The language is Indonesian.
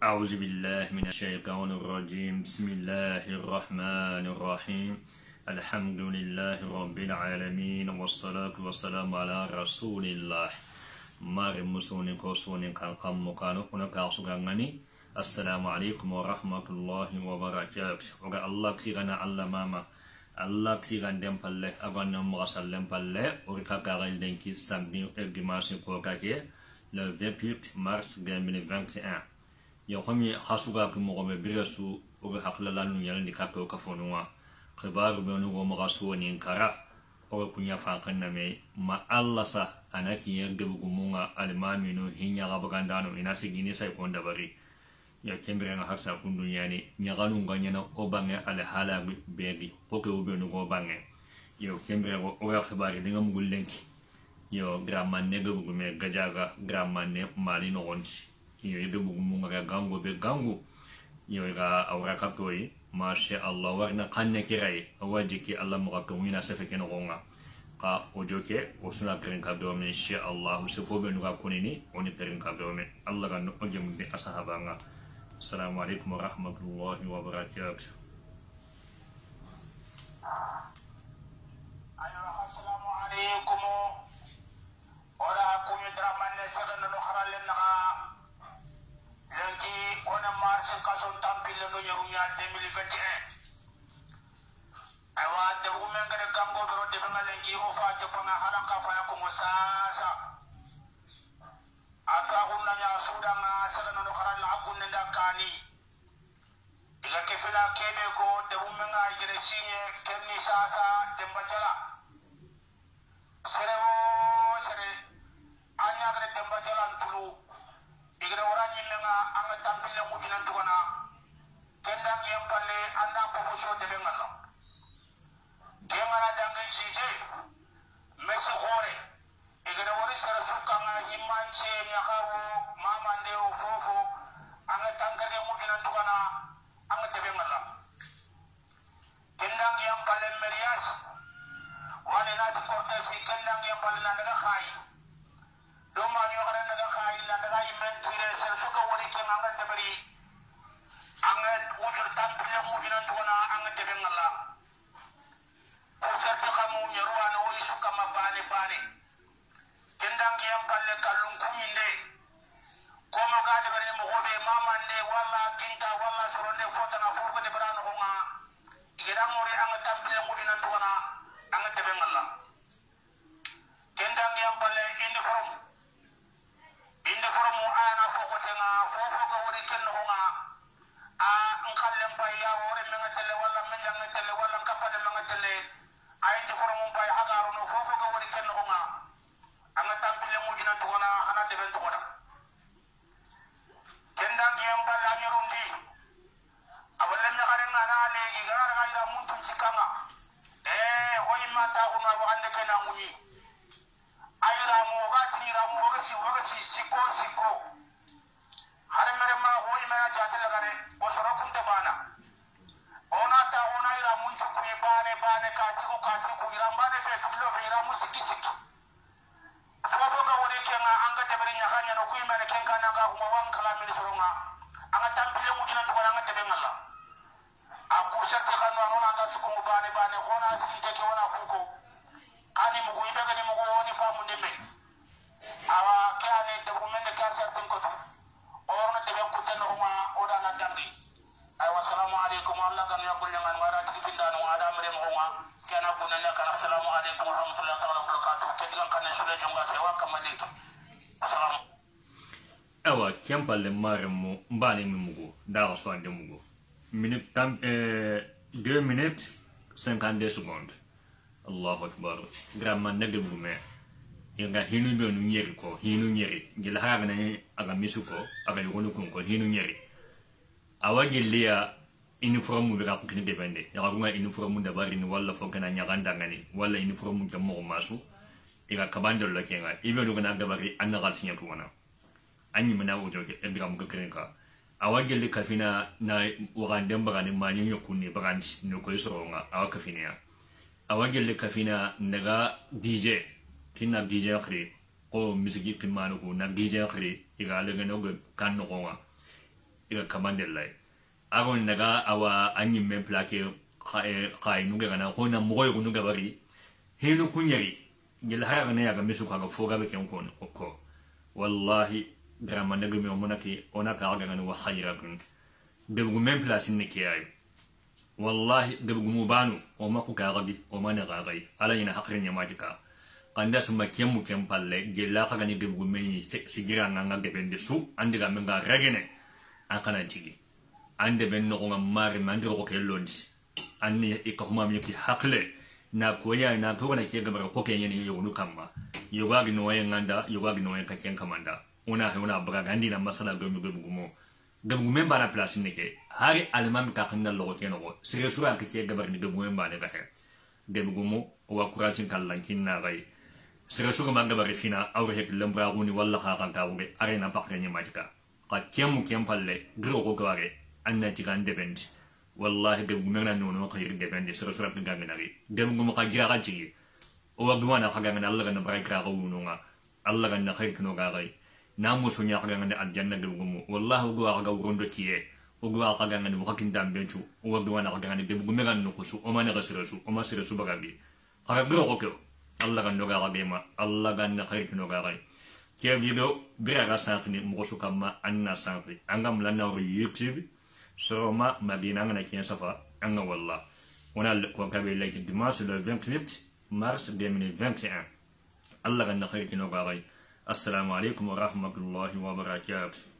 أعوذ بالله من الشيطان الرجيم بسم الله الرحمن الرحيم الحمد لله رب العالمين والصلاة والسلام على رسول الله مار مسون كوسون كالقام مقانو مكانو كنا كاسو غاني السلام عليكم ورحمة الله وبركاته وقال الله كيغنا الله ماما الله كيغان دم بالله أبان نمغا سلم بالله وقال كاغل دنكي سامبين الدماسي كوكاكي le 28 mars 2021 yankwami hasuga ki mogobe bire su obe haklala nu yalandi kape oka fonuwa kibaru be onugo muka su nin kara obe kunya fankan na me ma allah sa anaki yerde bugumunga alimaminu hinya gabagandano ina sigini sai konda dabari ya kembere na harsa kun dunyani nyaganu nganya na obange alihala begi oke ube onugo obange yo kembere go oya kibari dinga mugullenki yo gramanne be bugume gajaga gramanne mali no gonti iyo ibe gumunga ya ganggu be gango iyo ga awra katoi masha Allah warna kanya kirai awajiki Allah to wina sefeke no gonga ka ke osuna perin ka dome insha Allah sefo be nuga kunini oni perin ka dome Allah ga no ogem be asahabanga assalamu alaikum warahmatullahi wabarakatuh I want the Awa de wumen gare Gambo doro de bengalengi ofa jepona haranka atahuma wa annaka namuni ayira mo gati ra mo gati wagati sikko sikko hare mere ma ho ima ya jate lagare o soro kun te bana ona ta ona ira mun chuku bane bane ka tiku ka tiku ira bane fe fulo fe ira mu sikki sikki sama fo ga woni kenga anga tebere nya kanya no kuima ne kenga na ga huma wan kala min soronga anga tampile mu jina to anga tebe ngala aku sakka kanu ona ga suku bane bane kona sikki ke ona ku ken huma oda na dangi ay wa salamu alaykum allah kan ya kullu man wara tikitin dan wa adam rem huma ken abu nan kana salamu alaykum wa rahmatullahi ta'ala wa barakatuh ken kan kan sule jonga se wa kamaliki assalamu awa ken palle marim mo mbani mi mugo da wa so ande mugo minute tam eh 2 minutes 52 secondes allahu akbar gramma nagel mugo nga hinu be nu nyeri ko hinu nyeri gil haga na aga misu ko aga yugonu kun ko hinu nyeri awa gilliya uniform be ka kun de bende ya ko ngai uniform da bari ni walla fo kana nyaganda ngani walla uniform da mo masu iga kabando la kenga ibe do kana da bari an gal sinya ko wana anyi mana o joke e biga mu ka kenga awa gilli kafina na wagandem bagani manyo yokunni bagani ne ko isro nga awa kafina awa gilli kafina daga dj ti nab dije khre ko misigi kimanu ko nab dije khre iga lega no go kan no wa iga kamande lai agon naga awa anyi me plake kai nuga kana ko na mogo ko nuga bari helu kunyari gel haya kana ya ga misu ka fo ga be ken ko ko wallahi drama naga me monaki ona ka ga kana wa khayra kun de go men place ne ke ay wallahi de go mubanu o ma ku ga o ma na ga gai ya majika anda semakia mukem palle gella kagani de bugumeni sigira nganga de su ande ga menga regene akana tigi ande ben no mari mande ko kelonti anne ikahuma mi ki hakle na koya na to na kiega mara koke yoga ne kamma yo gi noye nganda yoga ga gi noye ka kamanda una he una braga andi na masala go gebu gomo gumo gumen na place hari alman ka kanna logo kenoko sire sura ke mara ni de gumen ne ga he de gumo wa kuracin kallankin na gai suka mangga bari fina awre hek lembra guni walla ha kan are arena pakre nyi majka ka kemu kiam palle gro ko gare anna tigan depend wallahi nuno ka yir nde kayir depend sura pinga ngenari de gum ka gira ka jigi o wa duwana ka gangan alla na bari ka ko nunga alla ganna kayir no ga gai namu sunya ka gangan aljanna de gum walla go ga gondo kiye o go ka gangan mo o duwana ka de gumena kusu o mane ka serasu o ma serasu bi. ka gro ko الله غن نغارا بيما الله غن نقريت نغارا تي فيديو بيرا غاسانتني مغوشو كاما انا سانتي انا ملانا ري يوتيوب سوما ما بينا انا كين سافا انا والله ونا لكم كابي لايك ديماس لو 28 مارس بيامين 21 الله غن نقريت نغارا السلام عليكم ورحمة الله وبركاته